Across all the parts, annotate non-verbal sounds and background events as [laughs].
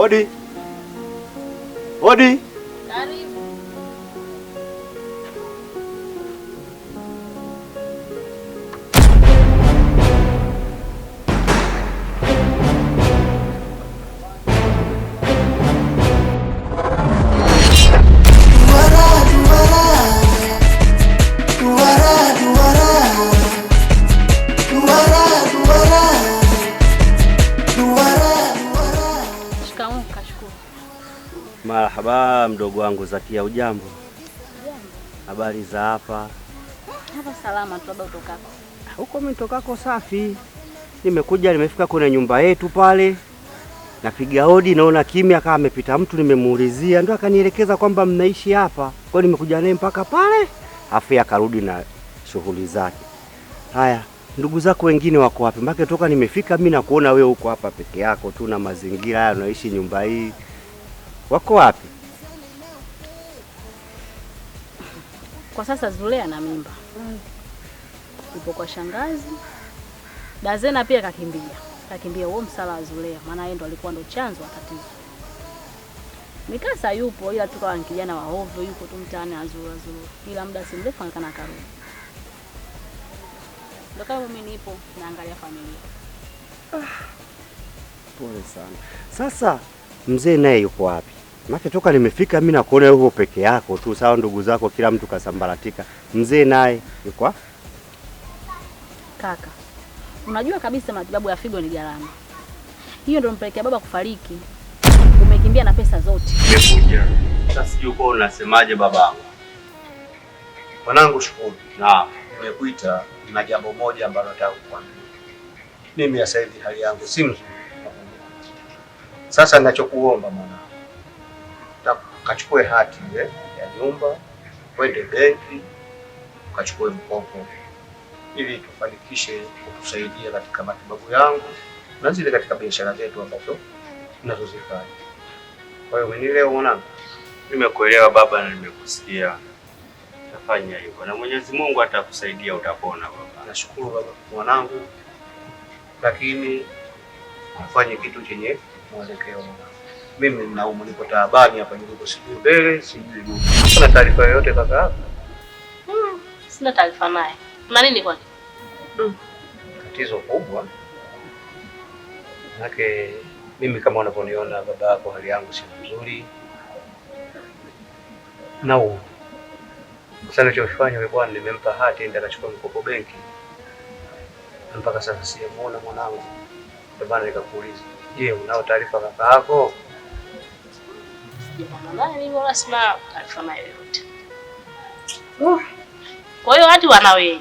Thôi đi Thôi đi Haba mdogo wangu Zakia, ujambo? Habari za hapa? Hapa salama tu, baba. Utokako huko? Mimi tokako safi. Nimekuja, nimefika kwenye nyumba yetu pale, napiga hodi, naona kimya, kama amepita mtu, nimemuulizia, ndio akanielekeza kwamba mnaishi hapa. Kwa hiyo nimekuja naye mpaka pale, afu akarudi na shughuli zake. Haya, ndugu zako wengine wako wapi? Maana toka nimefika mimi na kuona wewe uko hapa peke yako tu na mazingira haya, unaishi nyumba hii wako wapi? Kwa sasa Zulea na mimba ipo kwa shangazi Dazena, pia kakimbia kakimbia huo msala wa Zulea, maana yeye ndo alikuwa ndo chanzo wa tatizo. Mikasa yupo ila tukawa ni kijana wa ovyo, yuko tu mtaani azuru azuru, ila muda si mrefu anakana karudi. mimi nipo naangalia familia. Ah, pole sana. Sasa mzee naye yuko wapi? Maki toka nimefika mimi nakuona uko peke yako tu, sawa? Ndugu zako kila mtu kasambaratika, mzee naye yuko kaka. Unajua kabisa matibabu ya figo ni gharama, hiyo ndio mpelekea baba kufariki. Umekimbia na pesa zote. Nimekuja Sasa sijui uko unasemaje babangu. Mwanangu Shukuru, naam, nimekuita na jambo moja ambalo nataka kukwambia. Mimi sasa hivi hali yangu si mzuri. Sasa ninachokuomba mwanangu ukachukue hati ile ya nyumba, kwende benki ukachukue mkopo, ili tufanikishe kutusaidia katika matibabu yangu na zile katika biashara zetu ambazo tunazozifanya. Kwa hiyo mwenileo mwanangu, nimekuelewa baba na nimekusikia, tafanya hivyo na Mwenyezi Mungu atakusaidia, utapona baba. Nashukuru baba mwanangu, lakini ufanye kitu chenye mwelekeo mimi ninaumwa, niko taabani hapa, niko sijui mbele sijui nyuma. Kuna taarifa yoyote kaka yako? Hmm, sina taarifa naye. Kuna nini kwani? Hmm. Tatizo kubwa manake mimi kama unavyoniona baba yako, hali yangu si nzuri nau sana chofanya wewe bwana, nimempa hati ndio akachukua mkopo benki, mpaka sasa sijamuona mwanangu. Ndio maana nikakuuliza, je, unao taarifa kaka yako? jamani, wala sina taarifa nayo yote. Oh. Kwa hiyo watu wanawei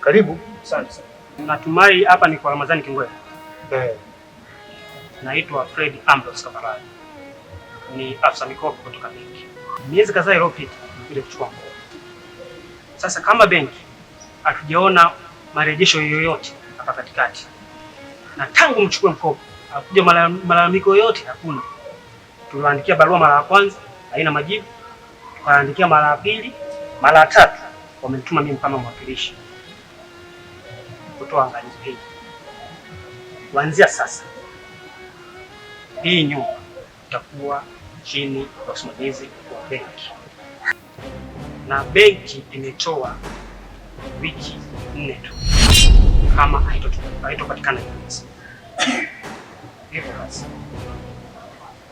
karibu. Asante sana. Natumai hapa ni kwa Ramadhani Kingwea. Eh. Naitwa Fred Ambrose Kabarani. Ni afisa mikopo kutoka benki. Miezi kadhaa iliyopita nilikuja kuchukua mkopo. Sasa kama benki hatujaona marejesho yoyote hapa katikati, na tangu mchukue mkopo hakuja malalamiko yoyote, hakuna. Tuliwaandikia barua mara ya kwanza, haina majibu, tukaandikia mara ya pili, mara ya tatu, wamenituma mimi kama mwakilishi kutoa angalizo hili. Kuanzia sasa, hii nyumba itakuwa chini ya usimamizi wa benki na benki imetoa wiki nne tu kama haitopatikana kabisa. Hivyo basi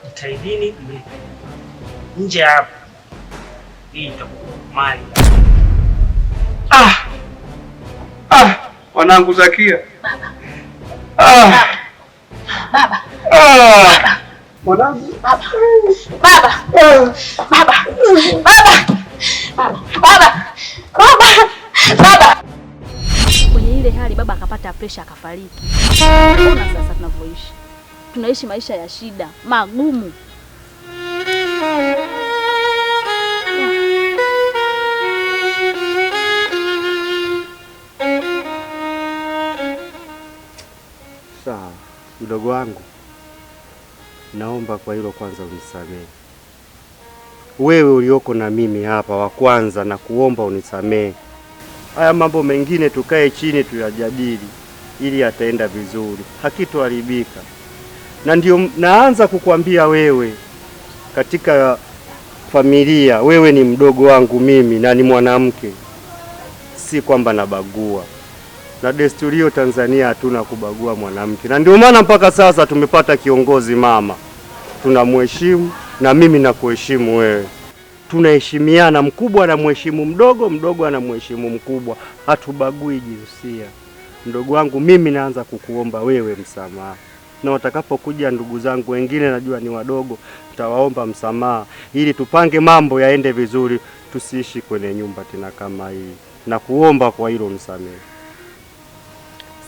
jitahidini mlipe, nje ya hapo hii itakuwa mali. Ah, ah, wanangu Zakia, ah, baba, ah, mwanangu, baba, baba, baba, baba, baba baba, baba, baba, Kwenye ile hali baba akapata presha akafariki. Ona sasa tunavyoishi, tunaishi maisha ya shida magumu. Sawa mdogo wangu, naomba kwa hilo kwanza unisamehe wewe ulioko na mimi hapa wa kwanza, na kuomba unisamehe. Haya mambo mengine tukae chini tuyajadili, ili yataenda vizuri, hakitoharibika. Na ndio naanza kukwambia wewe, katika familia wewe ni mdogo wangu mimi na ni mwanamke, si kwamba nabagua na desturi hiyo Tanzania hatuna kubagua mwanamke, na ndio maana mpaka sasa tumepata kiongozi mama, tunamheshimu na mimi nakuheshimu wewe, tunaheshimiana. Mkubwa anamheshimu mdogo, mdogo anamheshimu mkubwa, hatubagui jinsia. Mdogo wangu, mimi naanza kukuomba wewe msamaha, na watakapokuja ndugu zangu wengine, najua ni wadogo, nitawaomba msamaha ili tupange mambo yaende vizuri, tusiishi kwenye nyumba tena kama hii. Nakuomba kwa hilo msamehe.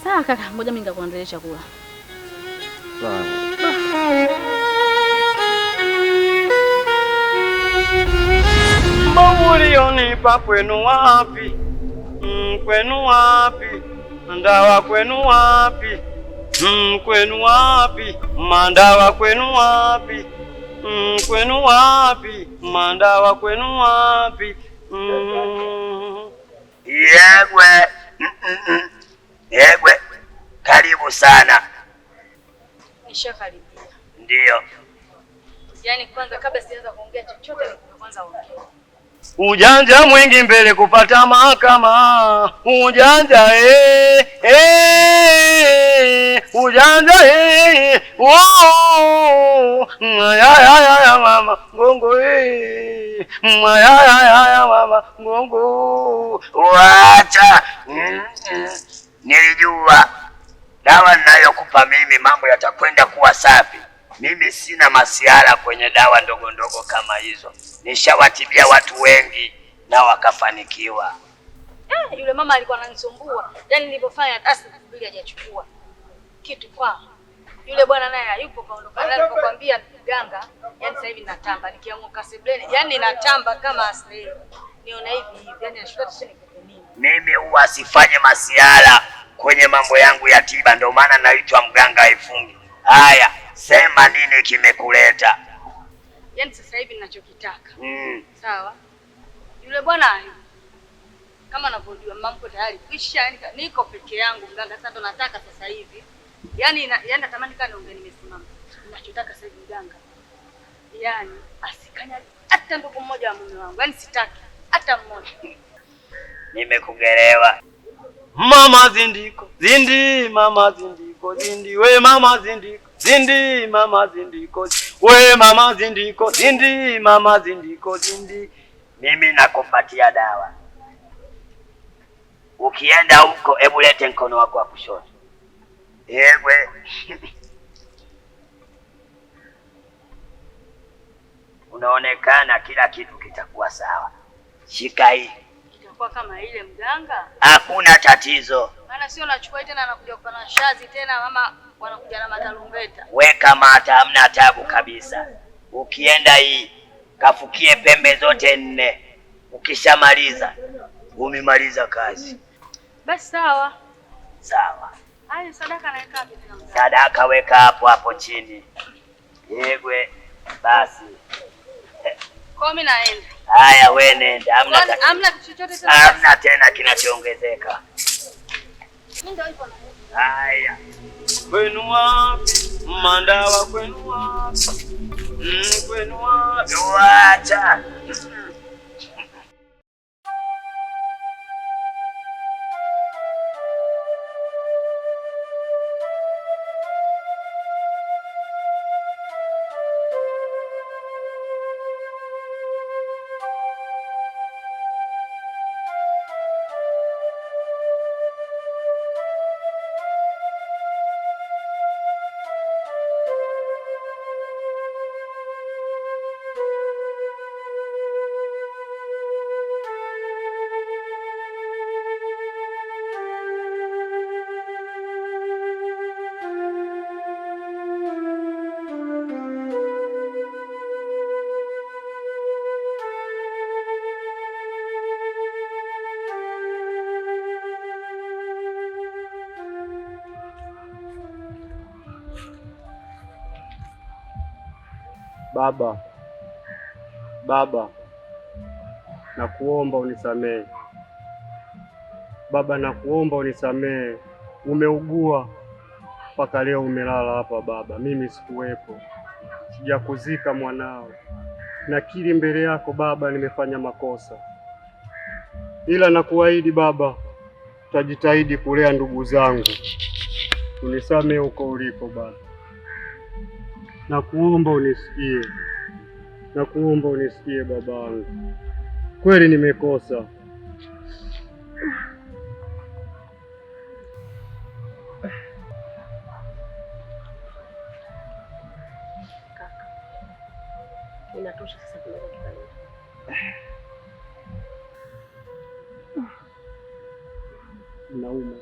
Sawa kaka, ngoja mimi nikakuandalia chakula. Sawa. Mambo ulionipa kwenu wapi? Mm, kwenu wapi? Ndawa kwenu wapi? Mm, kwenu wapi? Mandawa kwenu wapi? Mm, kwenu wapi? Mandawa kwenu wapi? Mm. Yegwe. Mm -mm. mm. Yegwe. Karibu sana. Nisha karibia. Ndio. Yaani kwanza kabla sijaanza kuongea chochote kwanza ongea. Ujanja mwingi mbele kupata mahakama, ujanja eh, eh, ujanja eh, oh, ya ya ya mama ngongo eh, mm, ya ya ya mama ngongo. Wacha mm, nilijua dawa ninayokupa mimi mambo yatakwenda kuwa safi. Mimi sina masiara kwenye dawa ndogo ndogo kama hizo, nishawatibia watu wengi na wakafanikiwa. Eh, yule mama alikuwa ananisumbua, yaani nilipofanya basi bili hajachukua kitu kwa yule bwana, naye hayupo kaondoka. Naye nilipokuambia mganga, yaani sasa hivi natamba nikianguka sebleni, yaani natamba kama asili niona hivi hivi, yaani nashuka chini. Mimi huwa sifanye masiara kwenye mambo yangu ya tiba, ndio maana naitwa mganga ifungi. Haya sema nini kimekuleta? Yaani sasa hivi ninachokitaka mm. Sawa, yule bwana kama anavyojua mambo tayari kwisha, yani niko peke yangu mganga. Sasa ndo nataka sasa hivi yani, yani natamani kana niongee, nimesimama. Ninachotaka sasa hivi mganga, yani asikanyage hata ndugu mmoja wa mume wangu, yani sitaki hata mmoja. Nimekugelewa mama zindiko zindi, mama zindiko zindi, we mama zindiko Zindi mama kozi, we mama zindiko zindi mama zindiko zindi, mimi nakupatia dawa. Ukienda huko, hebu lete mkono wako wa kushoto. Ewe [laughs] unaonekana kila kitu kitakuwa sawa. Shika hii, kitakuwa kama ile mganga, hakuna tatizo. Maana sio nachukua tena, anakuja kupana shazi tena mama wanakuja na matarumbeta. Weka mata, hamna tabu kabisa. Ukienda hii kafukie pembe zote nne, ukishamaliza umemaliza kazi. Basi sawa sawa. sadaka naweka Sadaka weka hapo hapo chini. Yegwe basi. Kwa naenda. Haya, we nenda. Hamna hamna chochote tena. Hamna tena kinachoongezeka. Mimi ndio ipo. Haya. Kwenu wapi? Mandawa kwenu wapi? Mm, kwenu wapi? Wacha. Baba, Baba, nakuomba unisamehe. Baba, nakuomba unisamehe. Umeugua mpaka leo umelala hapa Baba, mimi sikuwepo, sijakuzika mwanao. Nakiri mbele yako Baba, nimefanya makosa, ila nakuahidi Baba, tutajitahidi kulea ndugu zangu. Unisamehe huko uliko Baba na kuomba unisikie, na kuomba unisikie babangu, kweli nimekosa. Inatosha sasa. Nauma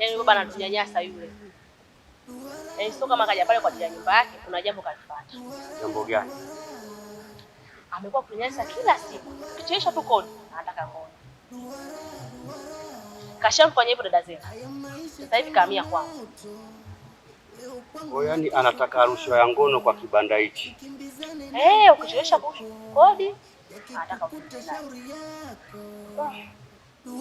Yani baba anatunyanyasa yule, yani sio kama kaja pale kwa ajili ya nyumba yake, kuna jambo kalipata. Jambo gani? Amekuwa kunyanyasa kila siku, kichesha tu kodi anataka kodi. Kashamfanyia hivyo dada zetu, sasa hivi kahamia kwangu. Kwa yani anataka rushwa ya ngono kwa kibanda hichi. Eh, hey, ukichesha kodi anataka Eh, [coughs]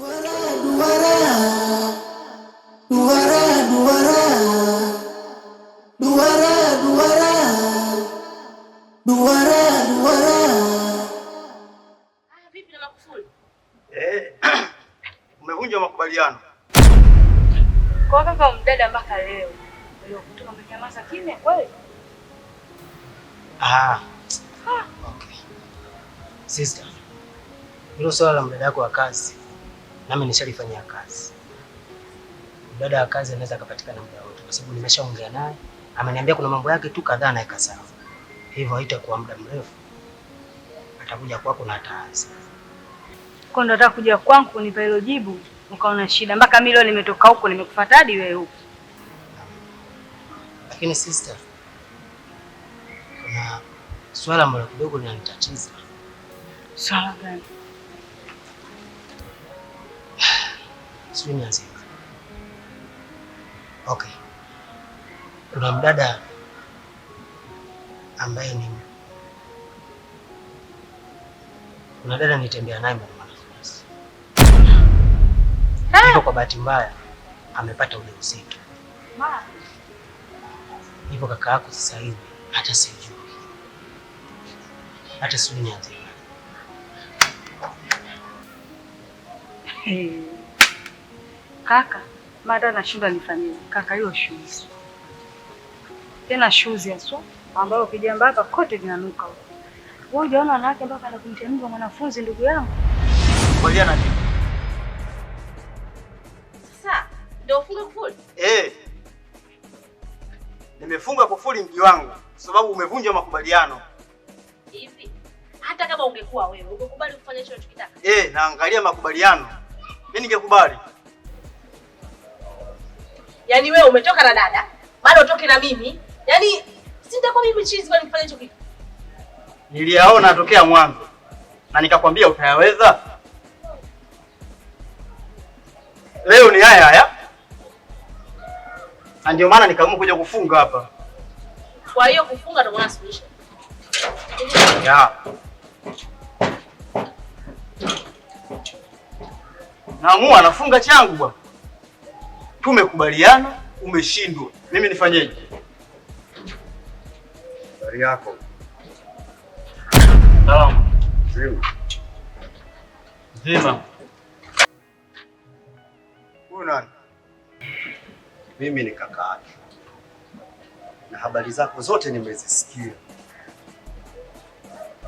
umevunja makubaliano kwa kaka mdada mpaka leo. Leo kimya kweli? Ah. Okay. Sister, hilo swala la mdada wa kazi nami nishalifanyia kazi. Dada wa kazi anaweza akapatikana muda wote, kwa sababu nimeshaongea naye, ameniambia kuna mambo yake tu kadhaa naweka sawa, hivyo haitakuwa muda mrefu atakuja kwako na ataanza. Kwa ndo nataka kuja kwangu kunipa hilo jibu, ukaona shida mpaka mimi leo nimetoka huko nimekufuata hadi wewe huko. Lakini sister, kuna swala ambalo kidogo linanitatiza. Swala gani? sijui nianze. Okay, kuna mdada ambaye ni kuna dada nitembea naye ah! hivyo, kwa bahati mbaya amepata ujauzito hivyo kaka yako sasa hivi hata sijui hata sijui nianze. Kaka mada nashinda nifanyeje? Kaka hiyo shoes tena shoes so ambayo kijamba hapa kote linanuka huko. Wewe unaona wanawake mpaka anakumtia mimba mwanafunzi ndugu yangu. Ngoja na nini? Sasa ndio funga kufuli? Eh. Nimefunga kufuli mji wangu kwa sababu umevunja makubaliano. Hivi hata kama ungekuwa wewe ungekubali kufanya hicho unachokitaka? Eh, naangalia makubaliano. Mimi ningekubali. Yaani wewe umetoka na dada, bado utoke na mimi? Yaani sitakuwa mimi chizi kwa nifanye hicho kitu. Niliyaona tokea mwanzo na nikakwambia utayaweza. Leo ni haya haya, na ndio maana nikaamua kuja kufunga hapa. Kwa hiyo kufunga ndio maana suluhisho. Ya. Naamua nafunga changu bwana. Tumekubaliana, umeshindwa. Mimi nifanyeje? Habari yako. Salamu. Zima. Zima. Huyu Mimi ni kaka yake Na habari zako zote nimezisikia.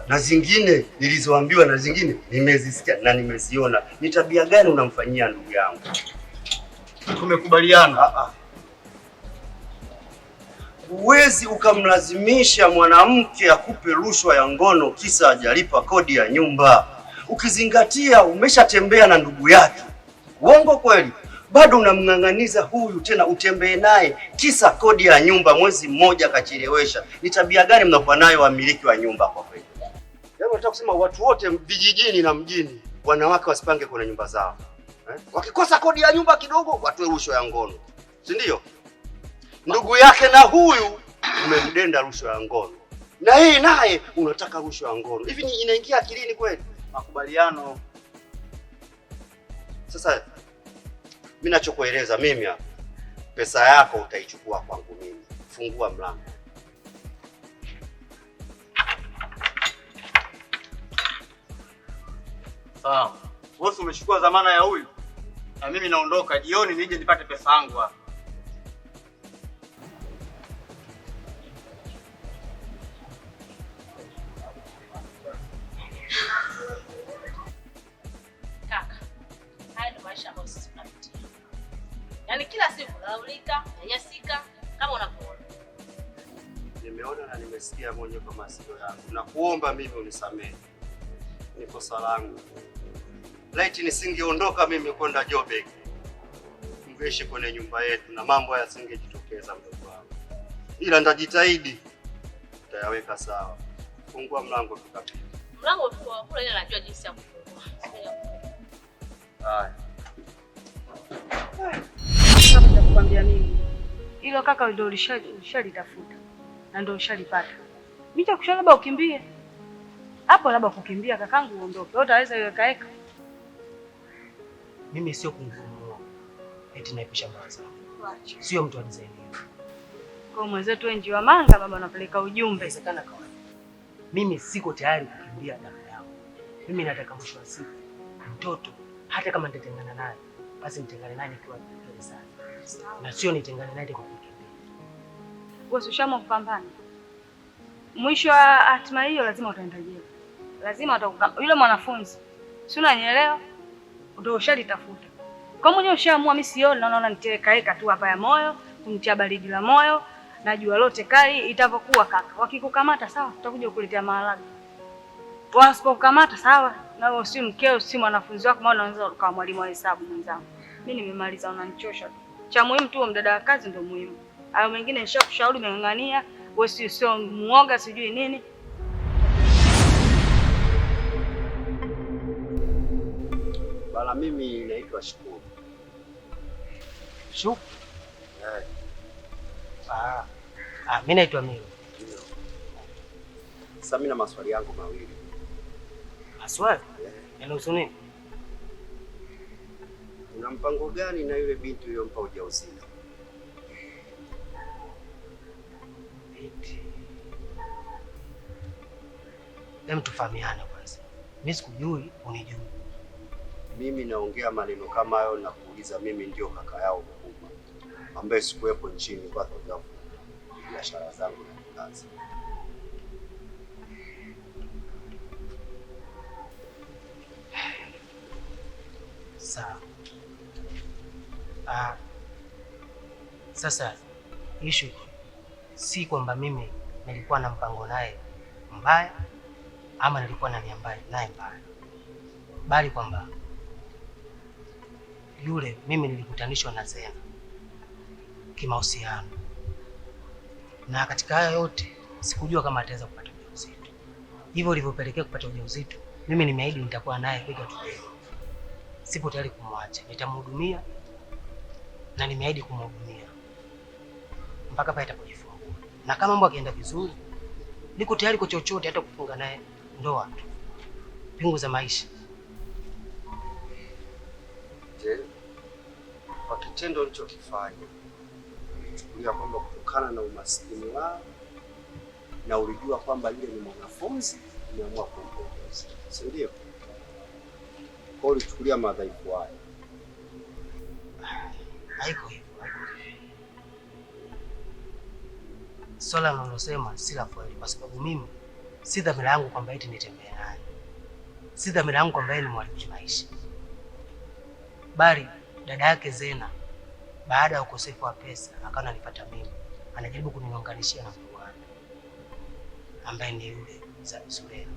Na zingine nilizoambiwa na zingine nimezisikia na nimeziona. Ni tabia gani unamfanyia ndugu yangu? Tumekubaliana huwezi ukamlazimisha mwanamke akupe rushwa ya ngono kisa hajalipa kodi ya nyumba, ukizingatia umeshatembea na ndugu yake. Uongo kweli? Bado unamng'ang'aniza huyu tena utembee naye kisa kodi ya nyumba, mwezi mmoja kachelewesha. Ni tabia gani mnakuwa nayo wamiliki wa nyumba? Kwa kweli, yaani nataka kusema watu wote vijijini na mjini, wanawake wasipange kwenye nyumba zao eh? Wakikosa kodi ya nyumba kidogo watoe rushwa ya ngono, si ndio? Ndugu yake na huyu umemdenda rushwa ya ngono, na yeye naye unataka rushwa ya ngono. Hivi ni inaingia akilini kweli? Makubaliano sasa mimi nachokueleza mimi hapa, pesa yako utaichukua kwangu mimi. Fungua mlango. Sawa umechukua dhamana ya huyu na mimi naondoka, jioni nije nipate pesa yangu hapa. Yaani kila siku naulika, nanyasika kama unakuona. Nimeona na nimesikia mwenyewe kwa masikio yangu. Nakuomba mimi unisamehe. Ni kosa langu laiti nisingeondoka mimi kwenda Joburg, tungeishi kwenye nyumba yetu na mambo yasingejitokeza, mdogo wangu. Ila ndajitahidi, utayaweka sawa. Fungua mlango tukapita. Mlango tuko kule, yeye anajua jinsi ya kufungua. Haya. Nakwambia nini? hilo kaka, ndio ulishalitafuta na ndio ushalipata. Mimi cha kusha, labda ukimbie hapo, labda kukimbia kakangu uondoke, utaweza iwekaeka mimi sio kumfunua eti naipisha mbaya zangu, sio mtu wa design hiyo. Kwa mwenzetu wengi wa manga baba anapeleka ujumbe. Inawezekana kwa Mimi siko tayari kukimbia damu yao Mimi nataka mwisho wa siku mtoto hata kama nitatengana naye basi nitengane naye nikiwa vizuri sana. Na sio nitengane naye kwa kukimbia. Wewe ushama kupambana. Mwisho wa hatima hiyo lazima utaenda jela. Lazima utakuka yule mwanafunzi. Si unanielewa? ndio ushalitafuta. Kwa mwenyewe ushaamua, mimi sioni, naona nitelekaeka tu hapa ya moyo, kumtia baridi la moyo na jua lote kali itavyokuwa kaka. Wakikukamata sawa, tutakuja kukuletea maharage. Wasipokukamata sawa, na wewe si mkeo, si mwanafunzi wako, maana unaweza ukawa mwalimu wa hesabu mwenzangu. Mimi nimemaliza, unanichosha tu. Cha muhimu tu mdada wa kazi ndio muhimu. Hayo mengine nishakushauri, meng'ang'ania wewe, sio muoga, sijui nini. mimi naitwa Shukuru. Shukuru? Eh. Ah, ah, mimi naitwa mimi. Sasa mimi na maswali yangu mawili. Maswali? Eh. Yanahusu nini? Una mpango gani na yule binti uliyompa ujauzito? Binti. Hem, tufahamiane kwanza. Mimi sikujui, unijui mimi naongea maneno kama hayo na kuuliza, mimi ndio kaka yao mkubwa ambaye sikuwepo nchini kwa sababu biashara zangu na kazi. Sawa. Ah. Sasa issue si kwamba mimi nilikuwa na mpango naye mbaya ama nilikuwa na nia mbaya naye mbaya, bali kwamba yule mimi nilikutanishwa na Zena kimahusiano, na katika haya yote sikujua kama ataweza kupata ujauzito. Hivyo ulivyopelekea kupata ujauzito, mimi nimeahidi nitakuwa naye kuja tu. Sipo tayari kumwacha, nitamhudumia na nimeahidi kumhudumia mpaka pale atakapojifungua, na kama mambo akienda vizuri, niko tayari kwa chochote, hata kufunga naye ndoa, pingu za maisha wote kwa kitendo ulichokifanya ulichukulia kwamba kutokana na umaskini wao na ulijua kwamba yule ni mwanafunzi, umeamua kumpongeza, si ndio? Kwa ulichukulia madhaifu hayo. Haiko hivyo. Swala nalosema si la kweli, kwa sababu mimi si dhamira yangu kwamba eti nitembee naye, si dhamira yangu kwamba yeye ni mwalimu maisha bali dada yake Zena baada ya ukosefu wa pesa akawa ananipata mimi, anajaribu kuniunganishia na mtu wangu ambaye ni yule Zulea.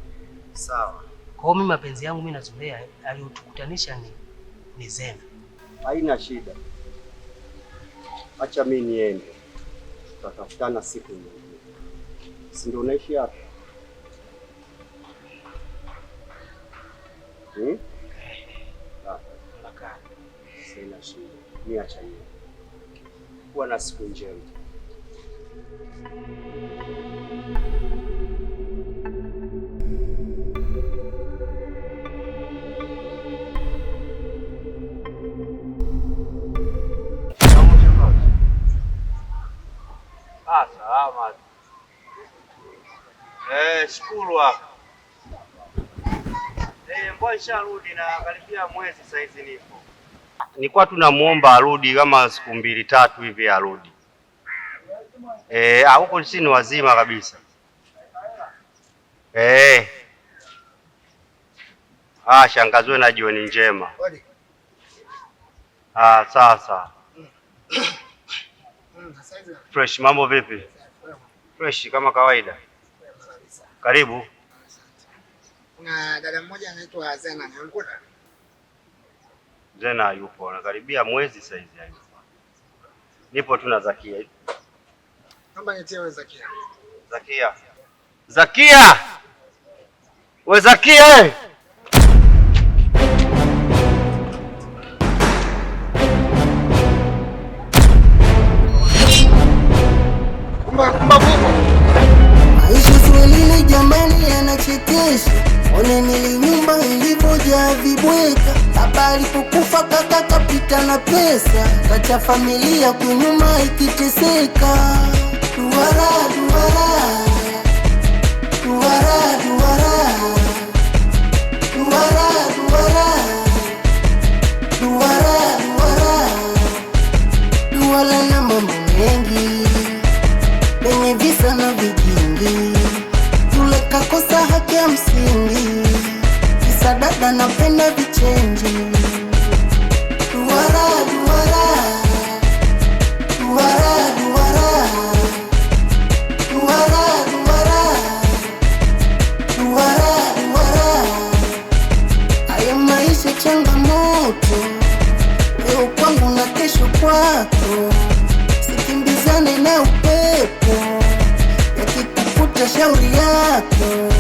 Sawa. Kwa hiyo mimi mapenzi yangu mimi na Zulea aliyotukutanisha ni, ni Zena. Haina shida, acha mimi niende, tutakutana siku nyingine. Si ndio unaishi hapa? Hmm? niacha niwe. Kuwa na siku njema. Ah, salama. Eh, shukuru hapa. Eh, mbona nisharudi na karibia mwezi saizi nipo nilikuwa tunamwomba arudi kama siku mbili tatu hivi arudi. Eh, huko si ni wazima kabisa Eh. Ah, shangazwe na jioni njema. Ah, sasa fresh, mambo vipi? Fresh kama kawaida. Karibu. Kuna dada mmoja anaitwa Zena, Zena hayupo, anakaribia mwezi saizi hayupo. Nipo tu na Zakia. Naomba nitie wewe Zakia. Zakia. Zakia. We Zakia. Eh! Kumba kumba jamani yanachekesha. Onenili nyumba ilipojaa vibweka, baba alipokufa kaka kapita na pesa, kacha familia kunyuma ikiteseka. Duwara, duwara, duwara na napenda vichenji maisha na kesho kwako, sikimbizane na upepo, yakikukuta shauri yako